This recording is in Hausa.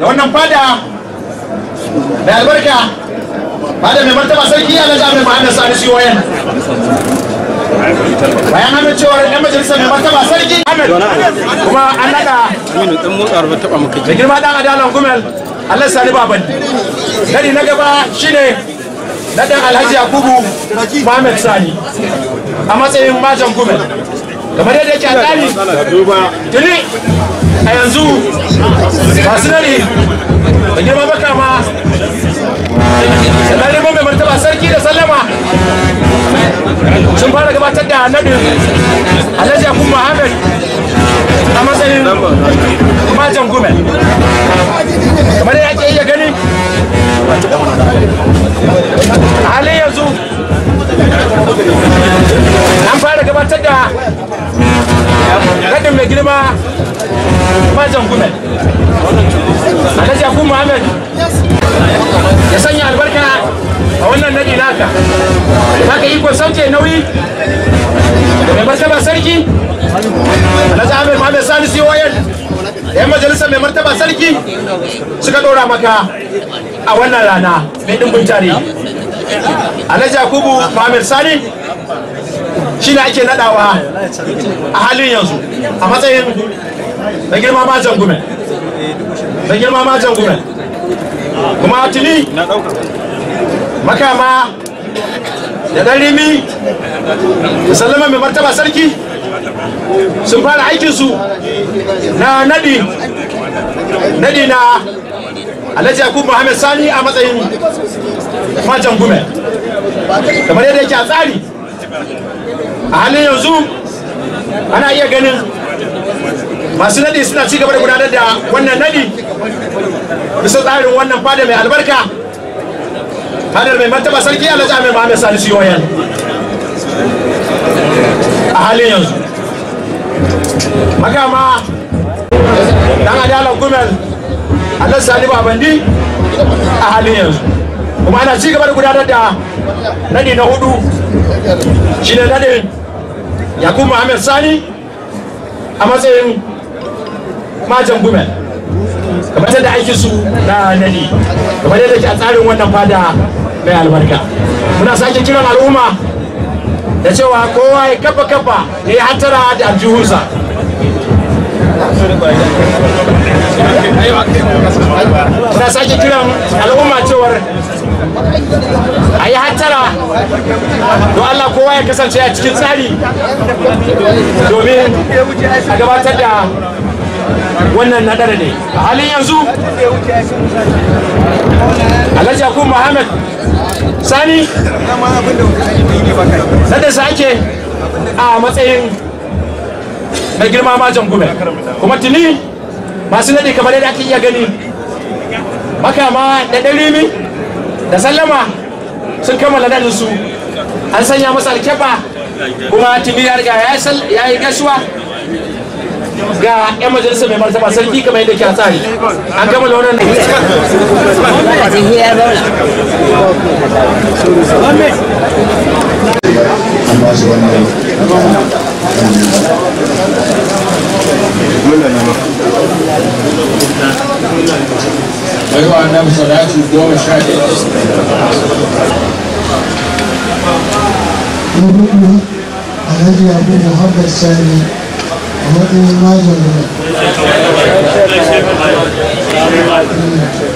da wannan fada mai albarka fada mai martaba sarki ya lajar mai ma'anar sa arshi wayan bayan hannun cewar yan majalisar mai martaba sarki kuma an nada aminu dan motsawar ba taba muka da girma dan adalan gumel allah sani baban gari na gaba shine na dan alhaji yakubu mohammed sani a matsayin majan gumel kamar yadda yake a tuni a yanzu masu nari da girma baka ma mai martaba sarki da sallama sun fara gabatar da naɗin alhaji abu muhammad a matsayin majan Gadin mai girma Majan Gume. Alhaji Abu Muhammad ya sanya albarka a wannan naka. Naka iko sauke nauyi mai martaba sarki. Salisu da majalisa mai martaba sarki suka dora maka a wannan rana mai Yakubu Muhammad Sani shi ne ake nadawa a halin yanzu a matsayin da girma jan gumen da girma jan gumen kuma tuni makama da dan rimi da sallama mai martaba sarki sun fara aikinsu na nadi nadi na alhaji yakub muhammad sani a matsayin majan gumen kamar yadda yake a tsari a halin yanzu ana iya ganin masu nadi suna ci gaba da gudanar da wannan nadi bisa tsarin wannan fada mai albarka fadar mai martaba sarki alhaji amir mai salisu yoyan a halin yanzu magama dan adalar gumen alasani babandi abandi a halin yanzu kuma ana ci gaba da gudanar da nadi na hudu shine nadin yakubu muhammad sani a matsayin majan gumen kamar da aiki na nadi kamar yadda ke a tsarin wannan fada mai albarka muna sake kiran al'umma da cewa kowa ya kafa kafa ya yi hattara da aljihunsa muna sake kiran al'umma cewar a yi don Allah kowa ya kasance a cikin tsari domin a gabatar da wannan nadara ne a halin yanzu alhaji akwai muhammad sani sa ake a matsayin mai girma majan gume kuma tuni masu nadi kamar yadda ake iya gani makama da ɗan rimi da sallama sun kammala nadin su an sanya masa alkeba kuma tuni ya riga ya yi gashuwa ga 'yan majalisar mai martaba sarki kamar yadda ke a tsari an gama da wannan find numbers on the actual door track. Ulubu